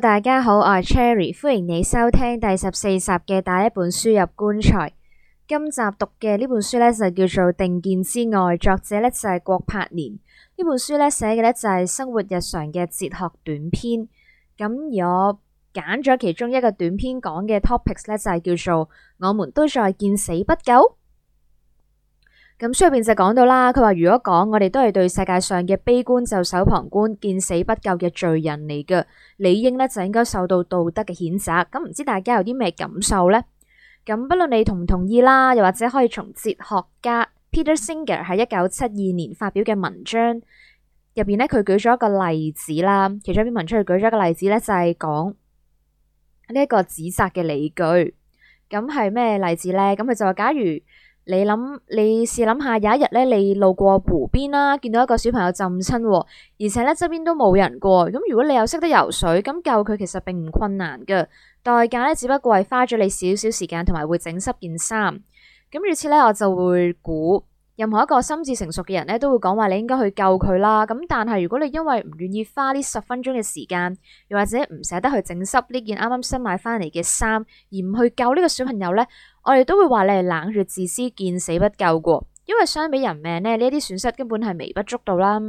大家好，我係 Cherry，歡迎你收聽第十四集嘅帶一本書入棺材。今集讀嘅呢本書咧就叫做《定見之外》，作者咧就係、是、郭柏年。呢本書咧寫嘅咧就係、是、生活日常嘅哲學短篇。咁我揀咗其中一個短篇講嘅 topics 咧就係叫做我們都在見死不救。咁書入邊就講到啦，佢話如果講我哋都係對世界上嘅悲觀袖手旁觀、見死不救嘅罪人嚟嘅，理應呢就應該受到道德嘅譴責。咁唔知大家有啲咩感受呢？咁不論你同唔同意啦，又或者可以從哲學家 Peter Singer 喺一九七二年發表嘅文章入邊呢，佢舉咗一個例子啦。其中一篇文章，佢舉咗一個例子呢，就係講呢一個指責嘅理據。咁係咩例子呢？咁佢就話假如。你諗，你試諗下，有一日你路過湖邊啦，見到一個小朋友浸親，而且呢，周邊都冇人過。咁如果你又識得游水，咁救佢其實並唔困難噶，代價呢只不過係花咗你少少時間，同埋會整濕件衫。咁如此呢，我就會估。任何一個心智成熟嘅人呢，都會講話你應該去救佢啦。咁但係如果你因為唔願意花呢十分鐘嘅時間，又或者唔捨得去整濕呢件啱啱新買翻嚟嘅衫，而唔去救呢個小朋友呢，我哋都會話你係冷血自私，見死不救噶。因為相比人命呢，呢啲損失根本係微不足道啦。咁、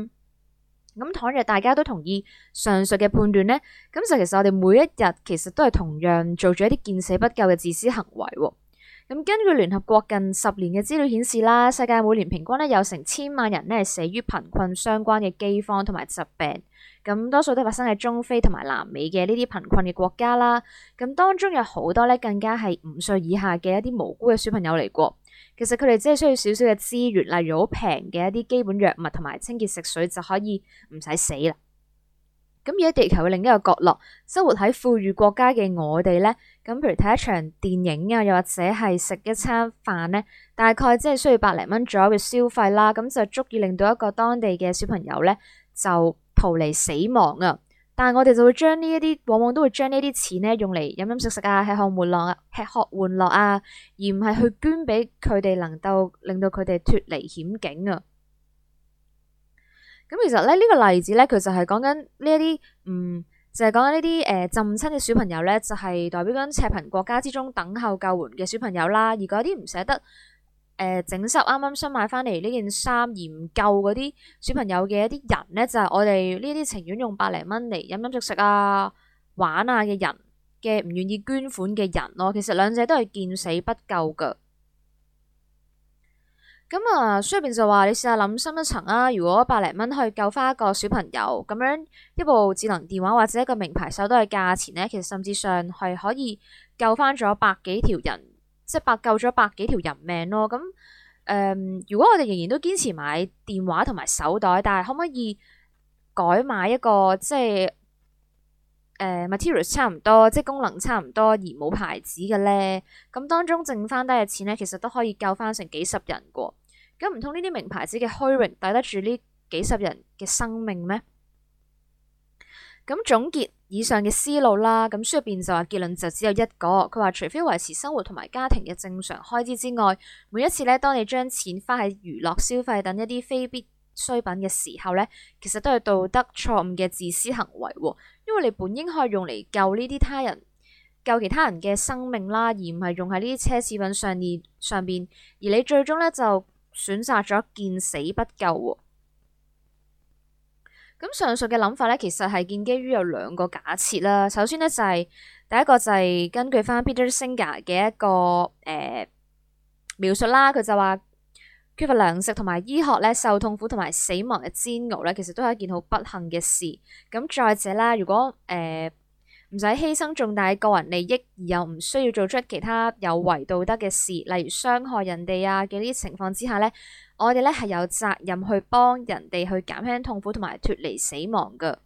嗯、倘若大家都同意上述嘅判斷呢，咁就其實我哋每一日其實都係同樣做咗一啲見死不救嘅自私行為喎。咁根據聯合國近十年嘅資料顯示啦，世界每年平均咧有成千萬人咧係死於貧困相關嘅饑荒同埋疾病，咁多數都發生喺中非同埋南美嘅呢啲貧困嘅國家啦。咁當中有好多咧更加係五歲以下嘅一啲無辜嘅小朋友嚟過，其實佢哋只係需要少少嘅資源，例如好平嘅一啲基本藥物同埋清潔食水就可以唔使死啦。咁而喺地球嘅另一個角落，生活喺富裕國家嘅我哋咧，咁譬如睇一場電影啊，又或者係食一餐飯咧，大概即係需要百零蚊左右嘅消費啦，咁就足以令到一個當地嘅小朋友咧就逃離死亡啊！但係我哋就會將呢一啲，往往都會將呢啲錢咧用嚟飲飲食食啊，吃喝玩樂啊，吃喝玩樂啊，而唔係去捐俾佢哋，能夠令到佢哋脫離險境啊！咁其實咧，呢個例子咧，佢就係講緊呢一啲，嗯，就係講緊呢啲誒浸親嘅小朋友咧，就係代表緊赤貧國家之中等候救援嘅小朋友啦。而嗰啲唔捨得誒整濕啱啱新買翻嚟呢件衫而唔救嗰啲小朋友嘅一啲人咧，就係我哋呢啲情願用百零蚊嚟飲飲食食啊、玩啊嘅人嘅唔願意捐款嘅人咯。其實兩者都係見死不救㗎。咁啊、嗯，書入邊就話你試下諗深一層啊。如果百零蚊可以救翻一個小朋友，咁樣一部智能電話或者一個名牌手袋嘅價錢咧，其實甚至上係可以救翻咗百幾條人，即係百救咗百幾條人命咯。咁，誒，如果我哋仍然都堅持買電話同埋手袋，但係可唔可以改買一個即係誒、呃、materials 差唔多，即係功能差唔多而冇牌子嘅咧？咁當中剩翻低嘅錢咧，其實都可以救翻成幾十人噶。咁唔通呢啲名牌子嘅虛榮抵得住呢幾十人嘅生命咩？咁總結以上嘅思路啦，咁書入邊就話結論就只有一個，佢話除非維持生活同埋家庭嘅正常開支之外，每一次呢，當你將錢花喺娛樂消費等一啲非必需品嘅時候呢，其實都係道德錯誤嘅自私行為喎，因為你本應可以用嚟救呢啲他人、救其他人嘅生命啦，而唔係用喺呢啲奢侈品上面上邊，而你最終呢就。選擇咗見死不救喎。咁上述嘅諗法咧，其實係建基於有兩個假設啦。首先咧就係、係、第一個就係根據翻 Peter Singer 嘅一個誒、呃、描述啦，佢就話缺乏糧食同埋醫學咧，受痛苦同埋死亡嘅煎熬咧，其實都係一件好不幸嘅事。咁再者啦，如果誒，呃唔使犧牲重大嘅個人利益，而又唔需要做出其他有違道德嘅事，例如傷害人哋啊嘅呢啲情況之下，我呢我哋呢係有責任去幫人哋去減輕痛苦同埋脫離死亡噶。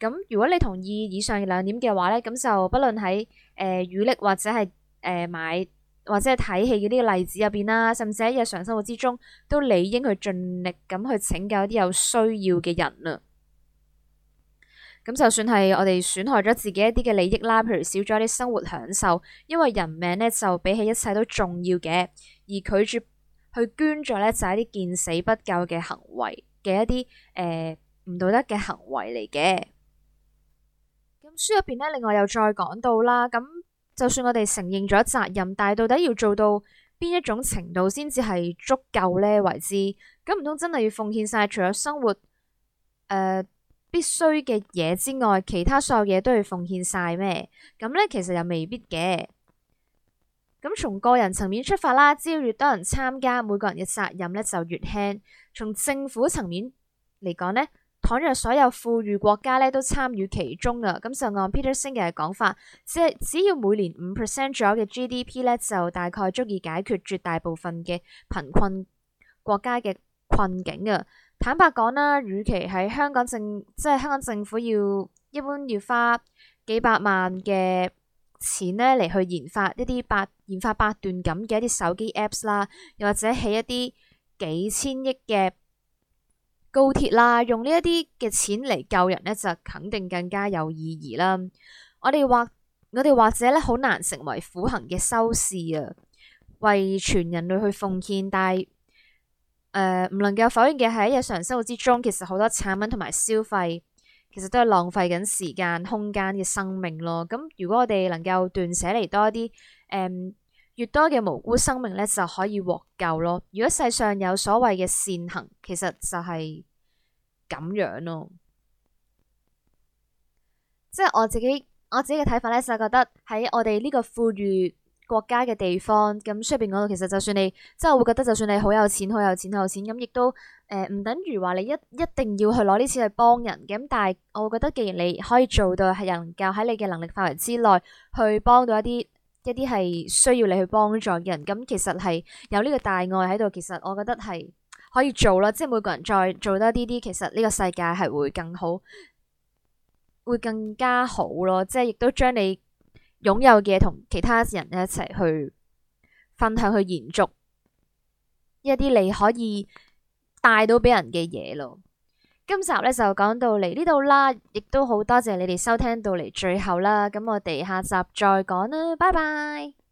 咁如果你同意以上兩點嘅話呢，咁就不論喺誒遇溺或者係誒、呃、買或者係睇戲嘅呢個例子入邊啦，甚至喺日常生活之中，都理應去盡力咁去拯救一啲有需要嘅人啦。咁就算係我哋損害咗自己一啲嘅利益啦，譬如少咗一啲生活享受，因為人命咧就比起一切都重要嘅，而拒絕去捐助咧就係一啲見死不救嘅行為嘅一啲誒唔道德嘅行為嚟嘅。咁書入邊咧，另外又再講到啦。咁就算我哋承認咗責任，但係到底要做到邊一種程度先至係足夠咧為之？咁唔通真係要奉獻晒，除咗生活誒。必須嘅嘢之外，其他所有嘢都要奉獻晒咩？咁咧，其實又未必嘅。咁從個人層面出發啦，只要越多人參加，每個人嘅責任咧就越輕。從政府層面嚟講咧，倘若所有富裕國家咧都參與其中啊，咁就按 Peter Singer 嘅講法，只只要每年五 percent 左右嘅 GDP 咧，就大概足以解決絕大部分嘅貧困國家嘅困境啊。坦白講啦，與其喺香港政，即係香港政府要一般要花幾百萬嘅錢咧嚟去研發一啲百研發百段咁嘅一啲手機 apps 啦，又或者起一啲幾千億嘅高鐵啦，用呢一啲嘅錢嚟救人咧，就肯定更加有意義啦。我哋或我哋或者咧好難成為苦行嘅修士啊，為全人類去奉獻，但係。誒唔、呃、能夠否認嘅係喺日常生活之中，其實好多產品同埋消費，其實都係浪費緊時間空間嘅生命咯。咁如果我哋能夠斷捨離多啲，誒、嗯、越多嘅無辜生命咧就可以獲救咯。如果世上有所謂嘅善行，其實就係咁樣咯。即係我自己我自己嘅睇法咧，就覺得喺我哋呢個富裕國家嘅地方，咁順便講到，其實就算你，即係我會覺得，就算你好有錢，好有錢，好有錢，咁亦都，誒，唔等於話你一一定要去攞呢錢去幫人，咁但係我會覺得，既然你可以做到係能夠喺你嘅能力範圍之內去幫到一啲一啲係需要你去幫助嘅人，咁其實係有呢個大愛喺度，其實我覺得係可以做咯，即係每個人再做多一啲啲，其實呢個世界係會更好，會更加好咯，即係亦都將你。擁有嘅同其他人咧一齊去分享，去延續一啲你可以帶到俾人嘅嘢咯。今集呢就講到嚟呢度啦，亦都好多謝你哋收聽到嚟最後啦。咁我哋下集再講啦，拜拜。